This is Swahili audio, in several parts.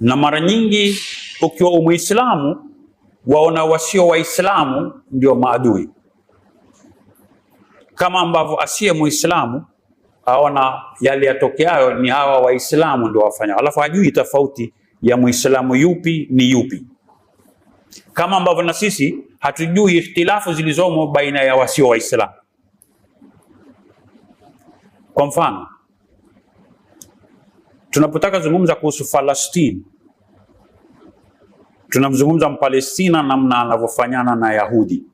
na mara nyingi ukiwa umuislamu waona wasio waislamu ndio maadui, kama ambavyo asiye muislamu aona yale yatokeayo ni hawa waislamu ndio wafanya, alafu hajui tofauti ya muislamu yupi ni yupi, kama ambavyo na sisi hatujui ikhtilafu zilizomo baina ya wasio waislamu. Kwa mfano Tunapotaka zungumza kuhusu Falastini, tunamzungumza Mpalestina namna anavyofanyana na Yahudi,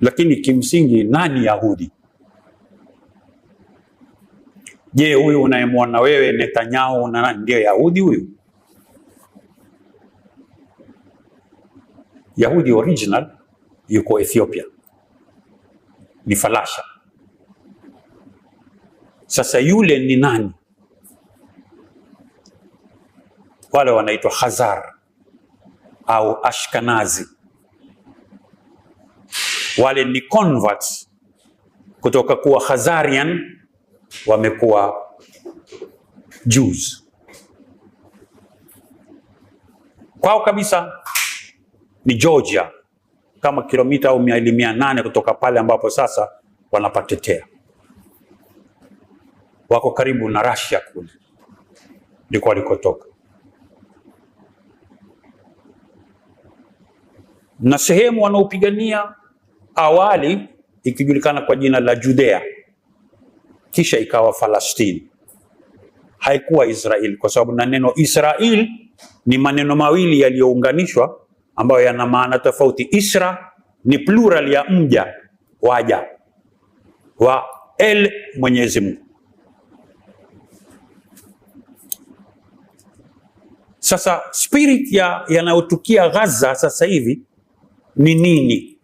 lakini kimsingi nani Yahudi? Je, huyu unayemwona wewe Netanyahu na nani ndiye Yahudi huyu? Yahudi original yuko Ethiopia, ni falasha sasa yule ni nani? Wale wanaitwa Khazar au Ashkanazi, wale ni converts kutoka kuwa Khazarian wamekuwa Jews. Kwao kabisa ni Georgia, kama kilomita au mia nane kutoka pale ambapo sasa wanapatetea wako karibu na Russia kule ndiko walikotoka, na sehemu wanaopigania awali ikijulikana kwa jina la Judea, kisha ikawa Falastini, haikuwa Israeli, kwa sababu na neno Israel ni maneno mawili yaliyounganishwa ambayo yana maana tofauti. Isra ni plural ya mja waja wa el Mwenyezi Mungu Sasa spirit ya yanayotukia Gaza sasa hivi ni nini?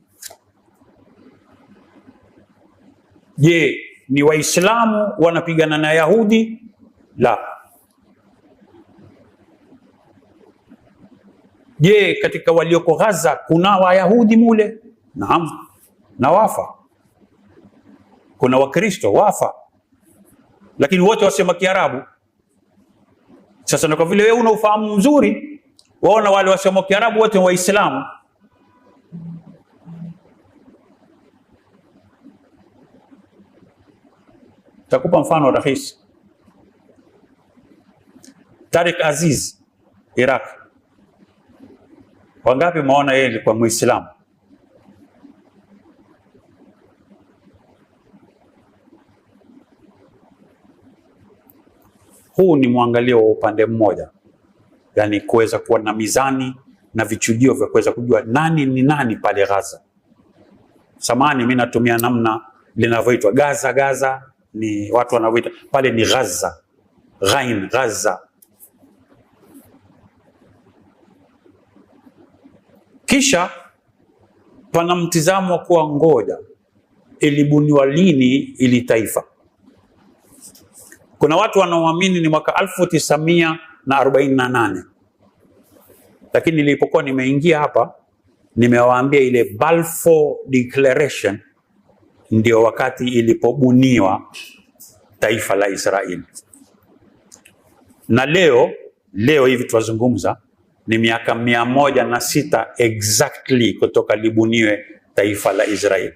Je, ni Waislamu wanapigana na Yahudi? La. Je, katika walioko Gaza kuna Wayahudi mule? Naam, na wafa. Kuna Wakristo wafa, lakini wote wasema Kiarabu. Sasa na kwa vile wewe una ufahamu mzuri, waona wale wasema Kiarabu wote Waislamu. Takupa mfano rahisi. Tariq Aziz Iraq, wangapi maona yeye alikuwa Muislamu? Huu ni mwangalio wa upande mmoja, yaani kuweza kuwa na mizani na vichujio vya kuweza kujua nani ni nani pale Gaza. Samani mimi natumia namna linavyoitwa Gaza. Gaza ni watu wanavyoita pale, ni Gaza, Ghain, Gaza. Kisha pana mtizamo wa kuwa ngoja, ilibuniwa lini ili taifa kuna watu wanaoamini ni mwaka 1948 lakini nilipokuwa nimeingia hapa nimewaambia ile Balfour Declaration ndio wakati ilipobuniwa taifa la Israeli, na leo leo hivi tuwazungumza ni miaka mia moja na sita exactly kutoka libuniwe taifa la Israeli.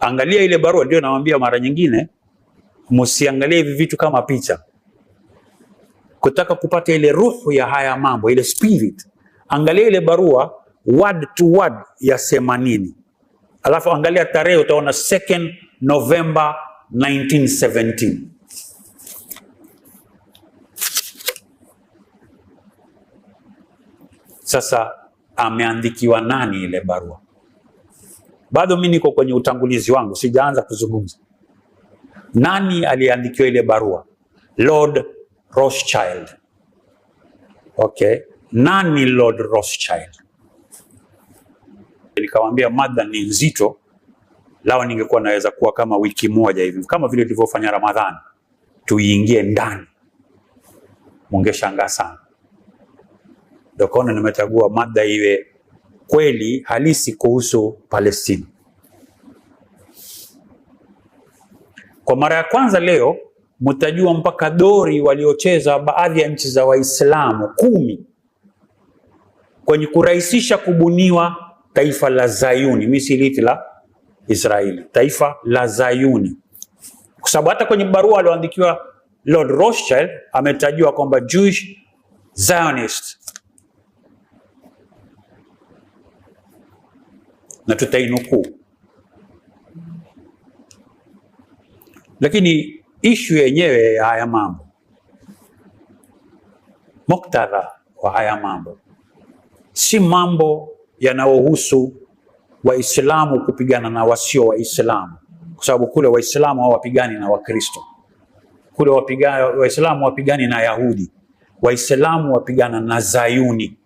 Angalia ile barua, ndio nawaambia mara nyingine, msiangalie hivi vitu kama picha. Kutaka kupata ile ruhu ya haya mambo, ile spirit, angalia ile barua word to word yasema nini, alafu angalia tarehe, utaona 2nd November 1917. Sasa ameandikiwa nani ile barua? Bado mi niko kwenye utangulizi wangu, sijaanza kuzungumza. Nani aliandikiwa ile barua? Lord Rothschild. Okay, nani Lord Rothschild? Nikamwambia mada ni nzito, lao ningekuwa naweza kuwa kama wiki moja hivi, kama vile tulivyofanya Ramadhani, tuiingie ndani, mungeshangaa sana. Ndio kaona nimechagua mada iwe kweli halisi kuhusu Palestina. Kwa mara ya kwanza leo mtajua mpaka dori waliocheza baadhi ya nchi za Waislamu kumi kwenye kurahisisha kubuniwa taifa la Zayuni, misiliti la Israeli, taifa la Zayuni, kwa sababu hata kwenye barua alioandikiwa Lord Rothschild ametajua kwamba Jewish Zionist na tutainukuu. Lakini ishu yenyewe ya haya mambo, muktadha wa haya mambo si mambo yanayohusu Waislamu kupigana na wasio Waislamu, kwa sababu kule Waislamu hawapigani na Wakristo, kule Waislamu wapigani na Yahudi, Waislamu wapigana na Zayuni.